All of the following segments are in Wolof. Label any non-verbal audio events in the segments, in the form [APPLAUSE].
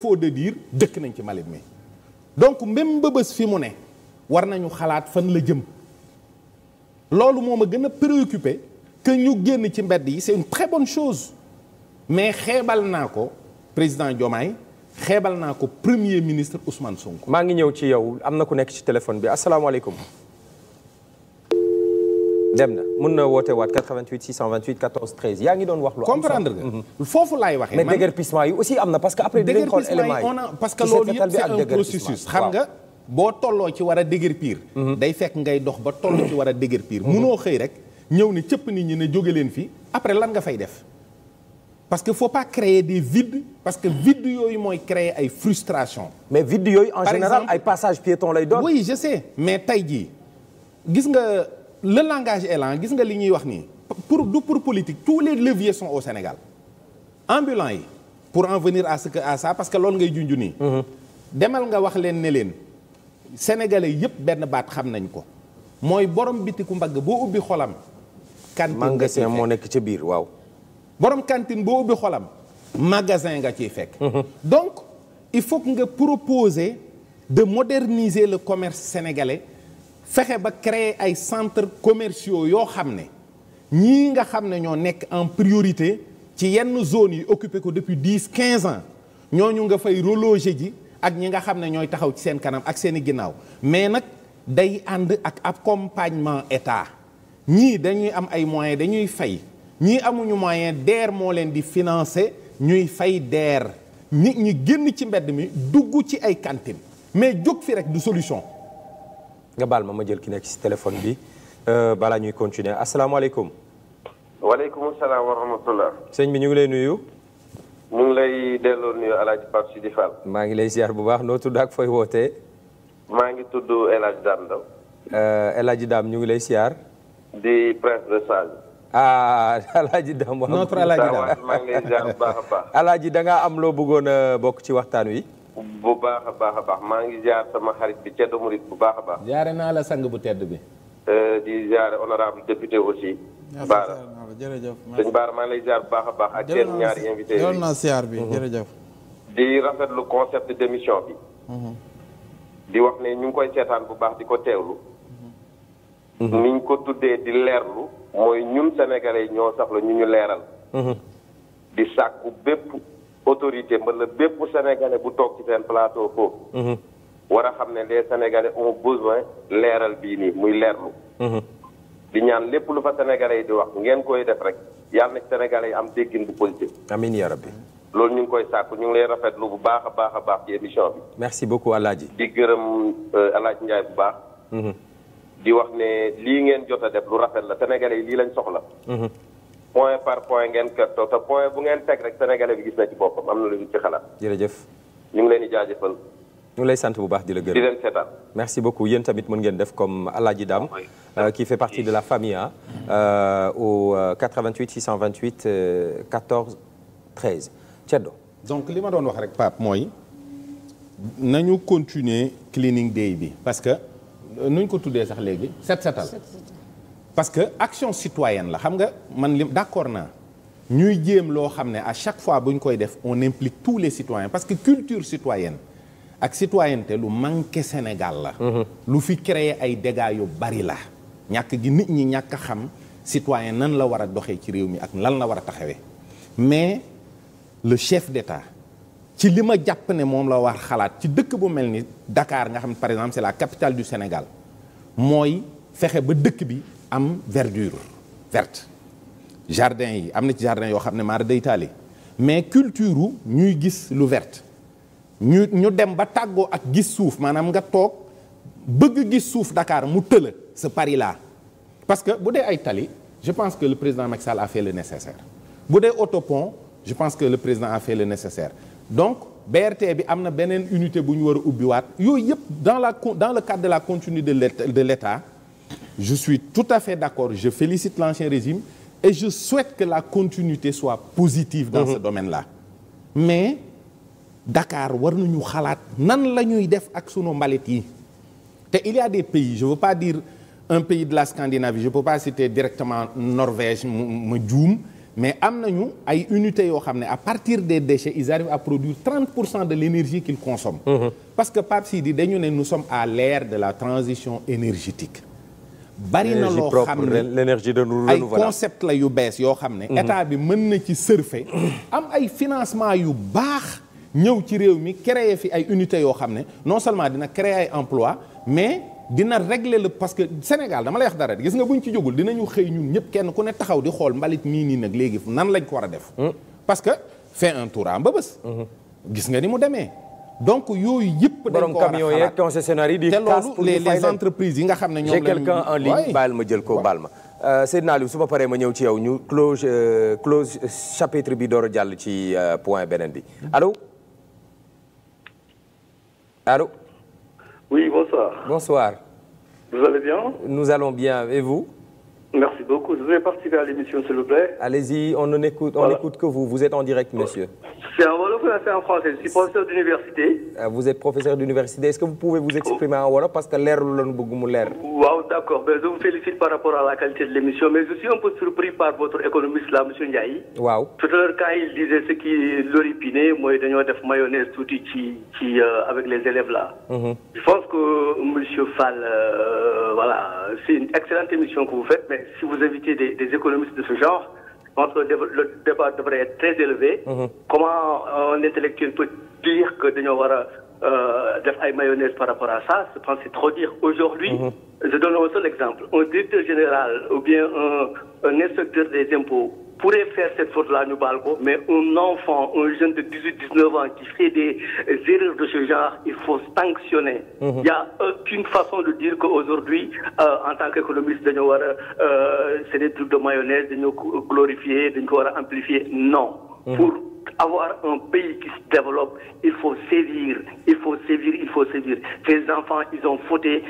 faut de dire dëkk nañ ci mbalit mi donc même mbëbës fi mu ne war nañu xalaat fan la jëm loolu moo ma gën a préoccupé que ñu génn ci mbedd yi c'est une très bonne chose mais xeebal naa ko président Diomaye xeebal naa ko premier ministre Ousmane Sonko. maa ngi ñëw ci yow am na ku nekk ci téléphone bi asalaamaaleykum. dem na mën na woote waat 88 628 14 13 yaa ngi doon wax lu. comprendre nga mhm. foofu laay waxee. mais déguerpissement yi aussi am na parce loolu yëpp c'est un processus xam nga. boo tolloo ci war a déguerpir mhm. day fekk ngay dox ba toll ci mhm. war a déguerpir munoo xëy rek ñëw ne cëpp nit ñi ne jóge leen fii après lan nga fay def parce que pas créer des vides parce que yooyu mooy créer ay frustration mais vide yooyu en général ay passage piéton lay doon oui je sais mais tey jii gis nga le langage est là gis nga li ñuy wax nii pour du pour politique tous les leviers sont au Sénégal ambulants yi pour envenir venir à ce que à ça parce que loolu ngay junj nii. Mhm. demal nga wax leen ne leen sénégalais yëpp benn baat xam nañ ko mooy borom bitiku mbagg boo ubbi xolam. magasin moo nekk ca biir waaw. borom cantine boo ubbi magasin nga ci fekk. Mhm. donc il faut que nga proposer de moderniser le commerce sénégalais. fexe ba créer ay centres commerciaux yoo xam ne ñii nga xam ne ñoo nekk en priorité ci yenn zones yi occupé ko depuis dix quinze ans ñooñu nga fay reloger ji ak ñi nga xam ne ñooy taxaw ci seen kanam ak seen i ginnaaw mais nag day ànd ak accompagnement état ñii dañuy am ay moyens dañuy fay ñii amuñu moyen DER moo leen di financer ñuy fay DER nit ñi génn ci mbedd mi dugg ci ay cantines mais jóg fi rek du solution. nga baal ma ma jël ki nekk ci téléphone bi euh, balaa ñuy continuer asalaamaaleykum. waaleykum salaam wa rahmatullah. sëñ bi ñu ngi lay nuyu. mu ngi lay delloo nuyu El maa ngi lay ziar bu baax noo tudd ak fooy woote maa ngi tudd El Hadj daam Ndaw. Euh, El Hadj Dame ñu ngi lay ziar. di prince de Sage. ah [LAUGHS] El Hadj Dame. notre maa ngi lay ziar bu baax a baax. [LAUGHS] El Hadj da am loo bëggoon a euh, bokk ci waxtaan wi. bu baax a baax a baax maa ngi jaar sama xarit bi Thierno Mouride bu baax a baax. jaare naa la sang bu tedd bi. Euh, di ziare honorable député aussi. Baara jërëjëf sëñ Baara maa lay ziar bu baax baax. ak seen ñaari invité yi jël naa ziar bi mhm. jërëjëf. di rafetlu concept d'émission bi. Mhm. di wax ne ñu ngi koy seetaan bu baax di ko teewlu. Mhm. ni ñu ko tuddee di leerlu. mooy ñun sénégalais ñoo soxla ñu ñu leeral. di sàkku bépp. autorité mën na bépp sénégalais bu toog ci seen plateau foofu. Mhm. war a xam ne les sénégalais ont besoin leeral bii nii muy leerlu. Mhm. di ñaan lépp lu fa sénégalais yi di wax ngeen koy def rek yàlla na sénégalais yi am déggin bu positif. amiin yaa rabbi. loolu ñu ngi koy sàkk ñu ngi lay rafet lu bu baax a baax a baax ci émission bi. merci beaucoup El Hadj. di gërëm El euh, Hadj Ndiaye bu baax. Mhm. di wax ne lii ngeen jot a def lu rafet la sénégalais yi lii lañ soxla. point par point ngeen kettoo point bu ngeen teg rek sénégalais bi gis na ci boppam am na lu ñu ci xalaat. jërëjëf. ñu ngi leen di jaajëfal. ñu lay sant bu baax di la gërëm di merci beaucoup yéen tamit mën ngeen def comme Alaaji Dam euh, qui fait partie de la famille A. Euh, au 88 628 14 13 Ceddo. donc li ma doon wax rek Pape mooy nañu continuer cleaning day bi parce que euh, nuñ ko tuddee sax léegi set setal. parce que action citoyenne la xam nga man li d'accord naa ñuy jéem loo xam ne à chaque fois bu ñu koy def on implique tous les citoyens parce que culture citoyenne ak citoyenneté lu manqué Sénégal la mhm. lu fi créer ay dégâts yu bari la ñàkk gi nit ñi ñàkk xam citoyen nan la war a doxee ci réew mi ak lan la war a taxawee mais le chef d'État ci li ma jàpp ne moom la war xalaat ci dëkk bu mel ni dakaar nga xam ne par exemple c'est la capitale du Sénégal mooy fexe ba dëkk bi am verdure verte jardin yi am na ci jardin yoo xam ne maar day taali mais culture ñuy gis lu verte ñu ñu dem ba tàggoo ak gis suuf maanaam nga toog bëgg gis suuf Dakar mu tëla ce pari là parce que bu dee ay tali je pense que le président Macky Sall a fait le nécessaire bu dee autopont je pense que le président a fait le nécessaire donc BRT bi am na beneen unité bu ñu war a ubbiwaat yooyu yëpp dans la dans le cadre de la continuité l' de l'État je suis tout à fait d'accord je félicite l'ancien régime et je souhaite que la continuité soit positive dans mmh. ce domaine-là mais Dakar war nañu xalaat nan la ñuy def ak sunu mbalit yi te il y a des pays je veux pas dire un pays de la Scandinavie je peux pas citer directement Norvège ma juum mais am nañu ay unités yoo xam ne à partir des déchets ils arrivent à produire 30 pour cent de l'énergie qu'ils consomment mmh. parce que Pape Sidi dañu ne nous sommes à l'ère de la transition énergétique bari na loo xam ne l'énergie de renouvelable ay concept la yu bees yoo xam ne. Mhm. état bi mën na ci surfer. Mhm. am ay financement yu baax. ñëw ci réew mi créer fi ay unités yoo xam ne non seulement dina créer ay emploi mais dina régler la parce que Sénégal dama lay wax dara gis nga buñ ci jógul dinañu xëy ñun ñëpp kenn ku ne taxaw di xool mbalit mii nii nag léegi nan lañ ko war a def. Mhm. parce que fait un tourant ba Mbëbës. gis nga ni mu demee. donc yooyu yëpp. dañ ko war a xalaat borom camion yeeg concessionnaire di. casse pour les entreprises yi nga xam ne ñoom la. j'ai quelqu'un baal ma jël ko baal ma. Euh, Seydina Aliou su ma pare ma ñëw ci yow ñu close euh, close chapitre bi door jàll ci euh, point beneen bi allo oui bonsoir. bonsoir. vous allez bien. nous allons bien et vous. Merci beaucoup. Je voulais à l'émission, s'il vous plaît. Allez-y, on n'écoute que vous. Vous êtes en direct, oh. monsieur. C'est en français. Je suis professeur d'université. Euh, vous êtes professeur d'université. Est-ce que vous pouvez vous exprimer oh. en Parce que l'air, nous l'avons l'air. Wow, d'accord. vous félicite par rapport à la qualité de l'émission. Mais je suis un peu surpris par votre économiste, là, monsieur Ndiaye. Wow. Tout à l'heure, quand il disait ce qui l'oripiné, a voilà, c'est une excellente émission que vous faites, mais si vous invitez des, des économistes de ce genre, je pense que le débat devrait être très élevé. Mhm. Comment un peut dire que dañoo war a euh, def ay mayonnaise par rapport à ça je pense trop dire aujourd'hui mhm. je donne un seul exemple un directeur général ou bien un, un inspecteur des impôts pourrait faire cette faute-là, nous balco, mais un enfant, un jeune de 18-19 ans qui fait des erreurs de ce genre, il faut sanctionner. Mhm. Il n'y a aucune façon de dire qu'aujourd'hui, euh, en tant qu'économiste, euh, c'est des trucs de mayonnaise, de nous glorifier, de nous amplifier. Non. Mmh. Pour avoir un pays qui se développe, il faut sévir, il faut sévir, il faut sévir. Ces enfants, ils ont fauté.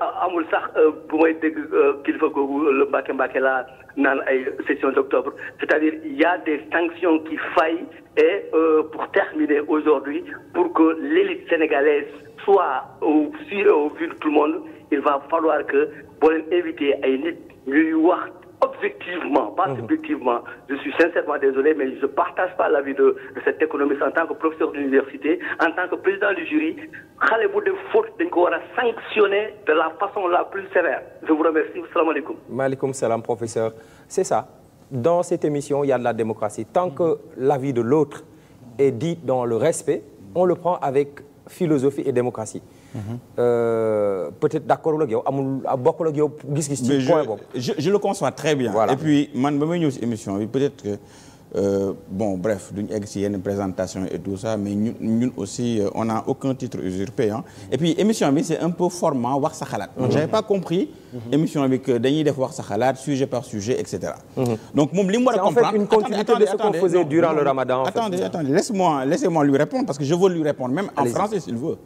Ah, amul sax euh, bu may dégg euh, kilifa googu le Mbacké Mbacké laa naan ay session d'octobre c'est-à-dire il y a des sanctions qui faillent et euh, pour terminer aujourd'hui pour que l'élite sénégalaise soit au sur au vu de tout le monde il va falloir que boo leen invité ay nit ñuy wax objectivement, pas mmh. subjectivement, je suis sincèrement désolé, mais je ne partage pas l'avis de, de, cet en tant que professeur d'université, en tant que président du jury. Xale bu def faute a sanctionner de la façon la plus sévère. Je vous remercie. Salam alaikum. professeur. C'est ça. Dans cette émission, il y a de la démocratie. Tant que l'avis de l'autre est dit dans le respect, on le prend avec philosophie et démocratie. Euh, peut-être d'accordul ak yow amul bokkul ak yow gis-gis. ci point boobu je je le conçois très bien. voilà et puis man ba may ñëw si émission bi peut-être que. Euh, bon bref duñu egg ci yenn présentation et tout ça mais ñun aussi euh, on a aucun titre usurpé et puis émission bi c'est un peu format wax sa xalaat donc mmh. j'avais pas compris mmh, émission bi que dañuy def wax sa xalaat sujet par sujet et cetera mmh. donc moom li mu war a comprendre c'est en fait de le ramadan attendez laissez-moi lui répondre parce que je veux lui répondre même en français s'il veut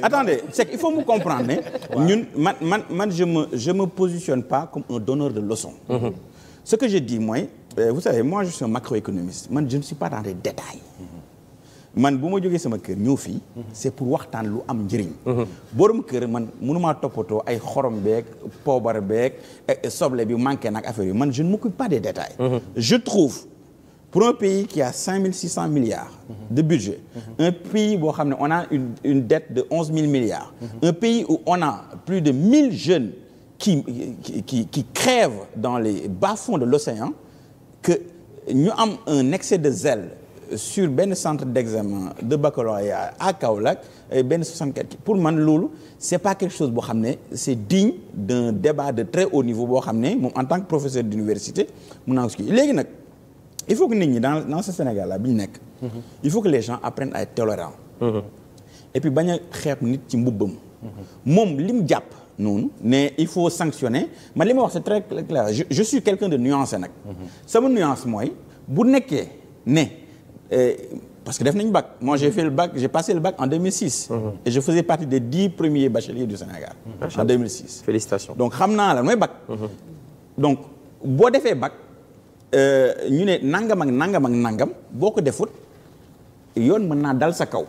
attendez c'est faut mu comprendre ne ñun je me positionne pas comme un donneur de leçons ce que je dis mooy euh, vous savez moi je suis un man je ne suis pas dans les détails man bu ma jógee sama kër ñëw fii c'est pour waxtaan lu am njëriñ borom kër man mënumaa toppatoo ay xorom beeg poobar beeg eh, eh, soble bi manqué nag affaire yi man je ne m'occupe pas des détails je trouve pour un pays qui a mille six cent milliards de budget un pays boo xam ne on a une une dette de onze mille milliards un pays où on a plus de mille jeunes qui qui qui crèvent dans les bas-fonds de l'océan que ñu am un excès de zèle sur benn centre d'examen de baccalauréat à Kaolack benn 64 pour man loolu c'est pas quelque chose boo xam ne c'est digne d'un débat de très haut niveau boo xam ne moom en tant que professeur d'université mun naa ko léegi nag il faut que nit ñi dans dans ce Sénégal là bi ñu nekk. il faut que les gens apprennent à être tolérants. Mm et puis bañ a nit ci mbubbam. moom li mu jàpp. noonu ne il faut sanctionner man li ma wax c'est très clair je, je suis quelqu'un de nuancé nag sama nuance mooy bu nekkee ne euh, parce que def nañu bac moi j'ai fait le bac j'ai passé le bac en 2006 et je faisais partie des dix premiers bacheliers du Sénégal en donc xam naa la mooy bac donc boo defee bac euh, ñu ne nangam ak nangam ak nangam boo ko defut yoon mën naa dal sa kaw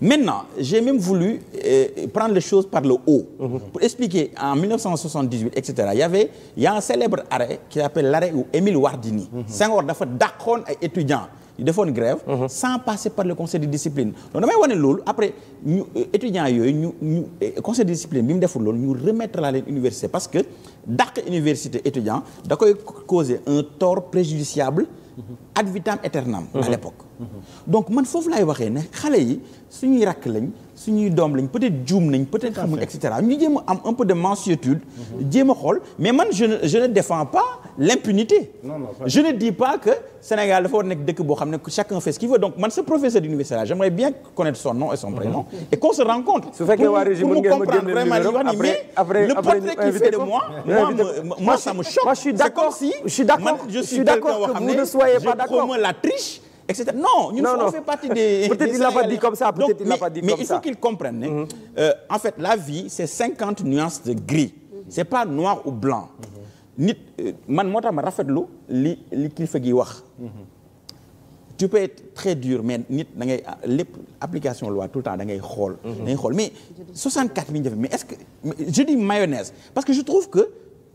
maintenant j'ai même voulu euh, prendre les choses par le o pour expliquer en 1978 et cetera y avait a un célèbre arrêt qui s'appelle l'arrêt où Émile Wardini Senghor dafa dàqoon ay étudiants yu defoon grève sans passer par le conseil de discipline donc damay wane loolu après ñu étudiants yooyu eh, conseil de discipline bi mu deful loolu remettre la leen université parce que dàq université étudiant da koy causer un tort préjudiciable ad vitam aeternam à l'époque donc man foofu lay waxee ne xale yi suñuy rakk lañ suñuy doom lañ peut-être juum nañ peut-être xamuñ et cetera a am un peu de mansuétude jéem mais je ne défends pas l'impunité je ne dis pas que Sénégal dafa war boo xam ne chacun fait ce qu'il veut donc man ce professeur d'université là j'aimerais bien connaître son nom et son prénom mhm. et qu'on se rencontre su fekkee waa Régis le portrait qu'il fait de moi [LAUGHS] moi ça d'accord je suis d'accord que vous ne soyez pas la triche et cetera non ñun on fait partie des [LAUGHS] peut l'a pas dit comme ça peut-être il l'a mais il faut qu'ils comprennent mm-hmm. euh, en fait la vie c'est nuances de gris c'est pas noir ou blanc mm-hmm. nit euh, man moo tax ma rafet lu li kilifa gi wax mm-hmm. tu peux être très dur mais nit da ngay lépp application loi tout le temps da ngay xool da xool mais 64 000 jafe mais est-ce que je dis mayonnaise parce que je trouve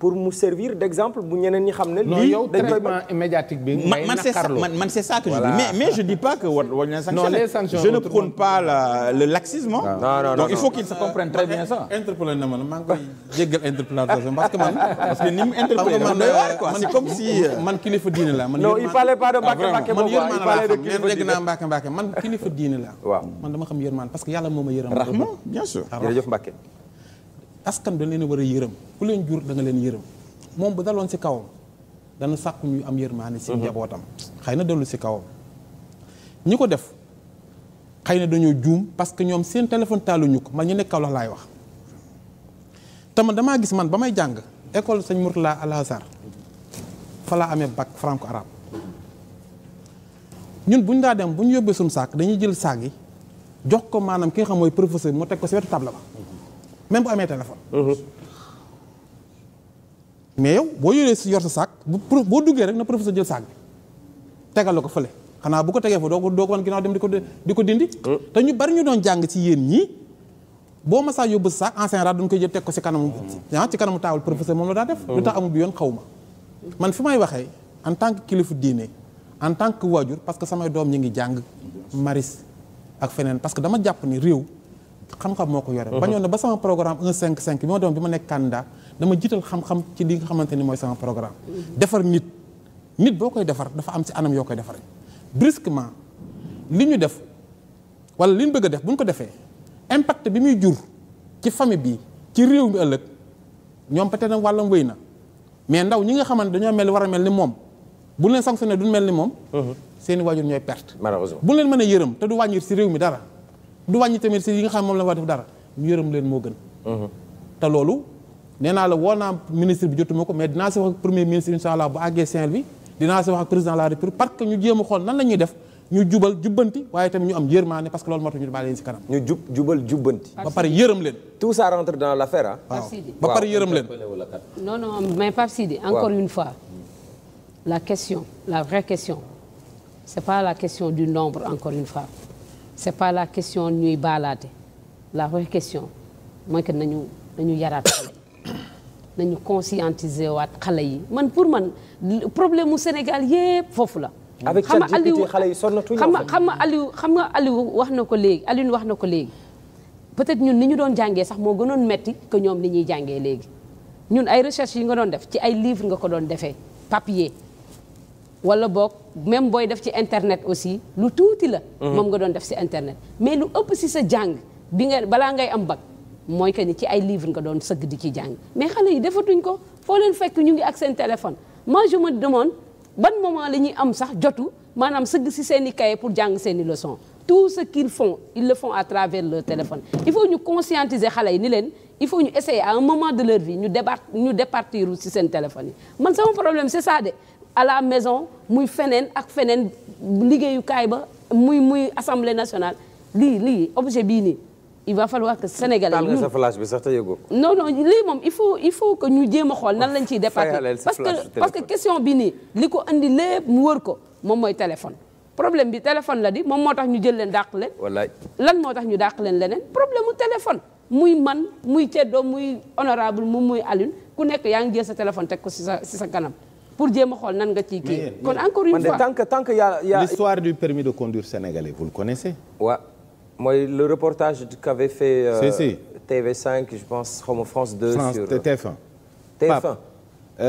pour mu servir d'exemple bu ñeneen ñi xam ne. lii dañ koy traitement man man c'est ça que je mais mais je dis pas que war war nañ sanctionner. non sanctions je ne prône pas la, le laxisme. donc il faut qu'il se comprenne très bien ça. interpellé na man maa ngi koy parce que man parce que ni mu interpellé man doy euh, la man. non il parlait pas de Mbacke ah, Mbacke la man kilifa diine la. waaw man dama xam yërmaan parce que yàlla moo ma yërëm. rahma bien sûr ah, jërëjëf Mbacke. askan bi dañ leen war a yërëm ku leen jur da leen yërëm moom bu daloon si kawam dana sàkku ñuy am yërmaane si mhm. njabootam xëy na dellu si kawam ñi ko def xëy na dañoo juum parce que ñoom seen téléphone taaluñu ko man ñu nekk Kaolack laay wax te damaa gis man ba may jàng école sëñ Mourtala Al Azhar fa laa amee bac franco arabe ñun bu ñu daa dem bu ñu yóbbee suñu sàkk dañuy jël saak yi jox ko maanaam ki nga xam mooy professeur bi moo teg ko si wetu table ba même bu amee téléphone. Mhm. mais yow boo yoree si yor sa saak bu boo duggee rek na professeur jël saak bi tegal la ko fële xanaa bu ko tegee fa doo ko doo ko wan ginnaaw dem di ko di ko dindi. Mhm. te ñu bari ñu doon jàng ci yéen ñi boo masaa yóbbu sa saak enseignant dañ koy jël teg ko si kanamu. ah ci kanamu taawul professeur moom la daa def. lu tax amul bi yoon xaw ma. man fi may waxee en tant que kilifa diine en tant que waajur parce que samay doom ñu ngi jàng maris ak feneen parce que dama jàpp ni réew. xam-xam moo ko yore uh-huh. bañoon na ba sama programme 1 cinq 5 bi ma doon bi ma nekk candidat dama jiital xam-xam ci li nga xamante ni mooy sama programme uh-huh. defar nit nit boo koy defar dafa am si anam yoo koy defaree brusquement li ñu def wala li ñu bëgg a def bu ñu ko defee impact bi muy jur ci famille bi ci réew mi ëllëg ñoom peut-être nag wàllam na mais ndaw ñi nga xamante dañoo mel war a mel ni moom bu leen sanctionné duñ mel ni moom uh-huh. seeni waajur ñooy perte malheureusement bu leen mën a yërëm te du wàññi si réew mi dara du wàññi tamit si yi nga xam moom la war def dara ñu yërëm leen moo gën mhm. te loolu nee naa la woo naa ministre bi jotuma ko mais dinaa si wax ak premier ministre incha allah bu àggee Saint-Louis dinaa si wax ak président la république parce que ñu jéem a xool nan la ñuy def ñu jubal jubbanti waaye tamit ñu am yërmaane parce que loolu moo tax ñu baal leen si kanam. ñu jub jubal jubbanti. ba pare yërëm leen. l' affaire ba pare yërëm leen. non non mais Pape Sidi fois la question la vraie question c' pas la question du nombre encore une c'est pas la question ñuy baalaate la vraie question mooy que nañu nañu yaraat nañu conscientiser waat xale yi man pour man problème mu Sénégal yëpp foofu la. avec Aliou xale yi sonnatuñu xam xam nga Aliou xam nga Aliou wax na ko léegi Aliou wax na ko léegi peut-être ñun ni ñu doon jàngee sax moo gënoon metti que ñoom li ñuy jàngee léegi ñun ay recherche yi nga doon def ci ay livre nga ko doon defee papier. wala boog même booy def ci internet aussi lu tuuti la. mom mhm. nga doon def si internet. mais lu ëpp si sa jàng bi nga balaa ngay am bac mooy que ni ci ay livre nga doon sëgg di ci jàng mais xale yi defatuñ ko foo leen fekk ñu ngi ak seen téléphone. ma je me demande ban moment la ñuy am sax jotu maanaam sëgg si seen i cahier pour jàng seeni i leçons tout ce qu'ils font ils le font à travers le téléphone. il faut ñu conscientiser xale yi ni leen. il faut ñu essayer à moment de leur vie ñu débar ñu départir si seen téléphone yi man sama à la maison muy feneen ak feneen liggéeyukaay ba muy muy assemblée nationale lii lii objet bii nii il va falloir que sénégalais ñu sa bi sax te yëgoo ko non non lii moom il faut il faut que ñu jéem a xool nan lañ ciy départé parce que parce que question bi nii li ko andi lépp mu wër ko moom mooy téléphone problème bi téléphone la di moom moo tax ñu jël leen dàq leen lan moo tax ñu dàq leen leneen problème mu téléphone muy man muy ceddoo muy honorable mu muy Alioune ku nekk yaa ngi jël sa téléphone teg ko si sa si sa kanam pour jéem a xool nan nga ciy kii. kon encore une fois tant que tant que y a y a. l'histoire du permis de conduire sénégalais vous le connaissez. waaw ouais. mooy le reportage qu'avait fait. Euh, si si TV5 je pense xaw ma France 2. France sur TF1. Euh, TF1 Pape euh,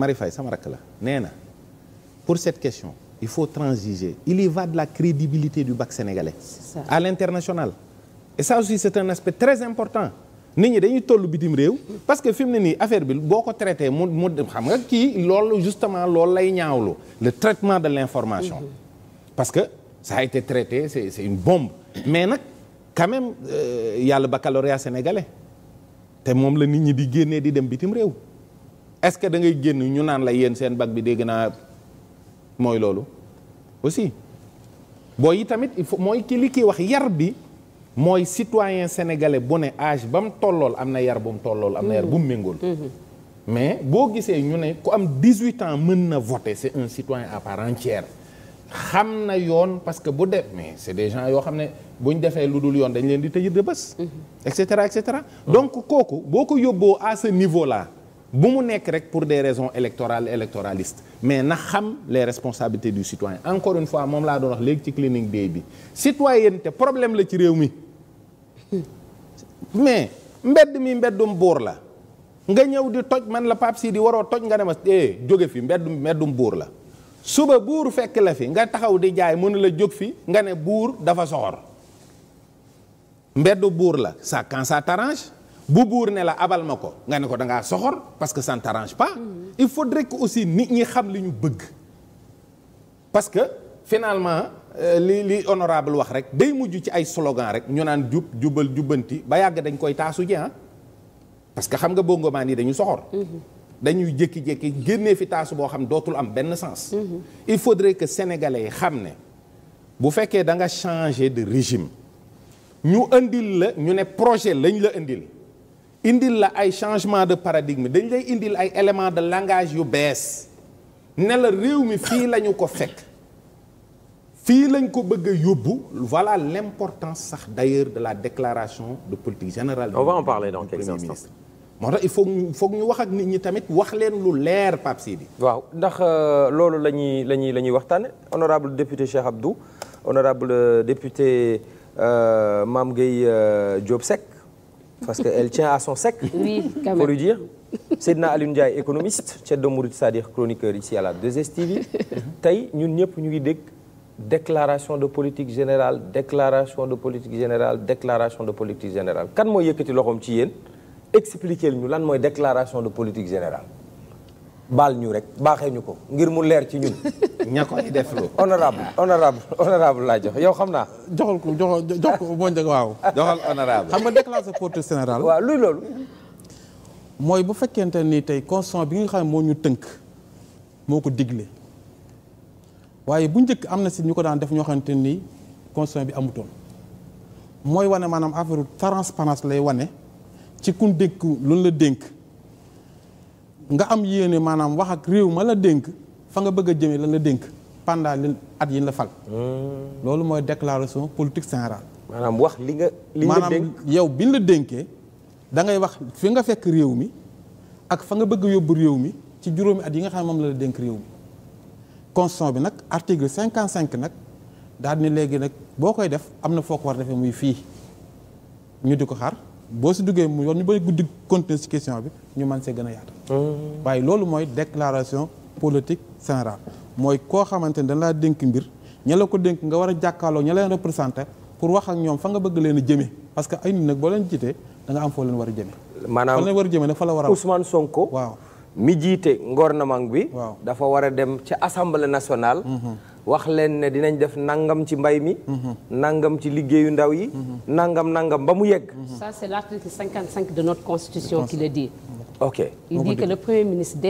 Marie Faye sama rakk la nee na pour cette question. il faut transiger il y va de la crédibilité du bac sénégalais. à l'international et ça aussi c'est un aspect très important. nit ñi dañuy toll bitim réew parce que fi mu ne nii affaire bi boo ko traité mu mu xam nga kii loolu justement loolu lay ñaawlu le traitement de l'information parce que a été traité c'est une bombe mais nag quand même euh, yàlla baccalauréat sénégalais te moom la nit ñi bi génnee di dem bitim réew est-ce que da ngay génn ñu naan la yéen seen bag bi dégg naa mooy loolu aussi boo yi tamit il faut mooy kii li kii wax yar bi mooy citoyen sénégalais bu ne âge ba mu tollool am na yar bu mu tollool am na yar mm. bu mu méngool mm-hmm. mais boo gisee ñu ne ku am 18 ans mën na voter c'est un citoyen à part entière xam na yoon parce que bu def mais c'est des gens yoo xam ne bu ñu defee lu dul yoon dañ leen di tëj de bés mm-hmm. et cetera mm. donc kooku boo ko yóbboo à ce niveau bu mu nekk rek pour des raisons électorales électoralistes mais na xam les responsabilités du citoyen encore une fois moom laa doon léegi ci clinique day bi citoyenneté problème la ci réew mi mais mbedd mi mbeddum buur la nga ñëw di toj man la Pape di waroo toj nga ne ma eh jóge fi mbeddum mbeddum buur la suba buur fekk la fi nga taxaw di jaay mënu la jóg fi nga ne buur dafa soxor mbeddu buur la ça quand ça t'arrange bu buur ne la abal ma ko nga ne ko da ngaa soxor parce que ça ne t'arrange il faudrait que aussi nit ñi xam li ñu bëgg parce que finalement Euh, li li honorable wax rek day mujj ci ay slogan rek ñu naan jub jubal jubbanti ba yàgg dañ koy taasu ji ah. parce que xam nga boo bongomaan yi dañu soxor mhm. dañuy jékki-jékki génnee fi taasu boo xam dootul am benn sens mhm. il faudrait que sénégalais yi xam ne bu fekkee da nga changer de régime ñu indil la ñu ne projet lañ la indil indil la ay changement de paradigme dañ lay indil ay éléments de langage yu bees ne la réew mi fii lañu ko fekk fii lañ ko bëgg a yóbbu voilà l' importance sax d' de la déclaration de politique générale. on va en parler donc quelques instants moo tax il faut foog ñu wax ak nit ñi tamit wax leen lu leer Pape bi waaw ndax euh, loolu la ñuy la ñuy la ñuy waxtaane honorable député Cheikh Abdou honorable euh, député euh, Mame Gueye Diop Seck parce que elle tient à son sek [LAUGHS] oui quand même faut lui dire Seydina Alioune Ndiaye économiste Thiedo Mouride c'est-à-dire chroniqueur ici à la 2STV. [LAUGHS] tey ñun ñëpp ñu ngi dégg. déclaration de politique général déclaration de politique général déclaration de politique général kan mooy yëkkati loxoom ci yéen expliquer ñu lan mooy déclaration de politique générale baal ñu rek baaxee ñu ko ngir mu leer ci ñun. [LAUGHS] ña koy def lu. honorable honorable honorable laa jox yow xam naa. joxal ko jox ko moo njëkk waaw. joxal honorable xam nga déclaration politique générale. waaw luy loolu. mooy bu fekkente nii tey constitution bi nga xam ne moo ñu tënk moo ko digle. waaye bu njëkk am na si ñu ko daan def ñoo xamante ni constitution bi amutoon mooy wane maanaam affaire transparence lay wane ci kun dénk loolu la dénk nga am yéene maanaam wax ak réew ma la dénk fa nga bëgg a jëmee lan la dénk pendant li at yi la fal. Hmm. loolu mooy déclaration politique générale. maanaam wax li nga. li nga dénk yow bi ñu la dénkee da ngay wax fi nga fekk réew mi ak fa nga bëgg a yóbbu réew mi ci juróomi at yi nga xam ne moom la la dénk réew mi. constitution bi nag article cinquante cinq nag daal ni léegi nag boo koy def am na foo ko war defee muy fii ñu di ko xaar boo si duggee mu yoon ñu bëri guddi continuer si question bi ñu mën see gën a yaatu hmm. waaye loolu mooy déclaration politique générale mooy koo xamante ne dañ laa dénk mbir ña la ko dénk nga war a jàkkaaloo ña leen représenté pour wax ak ñoom fa nga bëgg leen a jëmee parce que ay nit nag boo leen jiitee da nga am foo leen war a jëmee maanaam fa war a jëmee nag fa la war a Ousmane Sonko waaw mi jiite gouvernement bi. dafa war a dem ca assemblée national mm-hmm. wax leen ne dinañ def nangam ci mbay mi. Mm-hmm. nangam ci liggéeyu ndaw yi. Mm-hmm. nangam nangam ba mu yegg. ça c'est l'article 55 de notre constitution qui le dit. ok le premier ministre.